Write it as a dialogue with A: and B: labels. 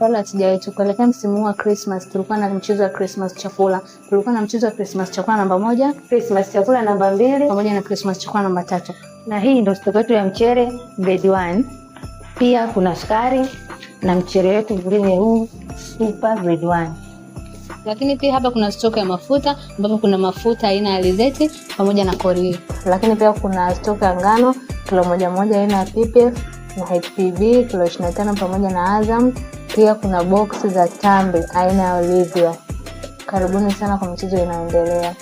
A: wala sijawahi. Tukuelekea msimu wa Christmas, tulikuwa na mchezo wa Christmas chakula, tulikuwa na mchezo wa Christmas chakula namba moja,
B: Christmas chakula namba mbili,
C: pamoja na Christmas chakula namba tatu.
D: Na hii ndio stoka yetu ya mchele grade 1. Pia kuna sukari na mchele wetu mwingine huu super grade 1.
E: Lakini pia hapa kuna stoka ya mafuta ambapo kuna mafuta aina ya lizeti pamoja na korili,
F: lakini pia kuna stoka ya ngano kilo moja moja aina ya pipi na HPB tulioishirini na tano pamoja na Azam. Pia kuna boksi za tambi aina ya Olivia. Karibuni sana kwa michezo inayoendelea.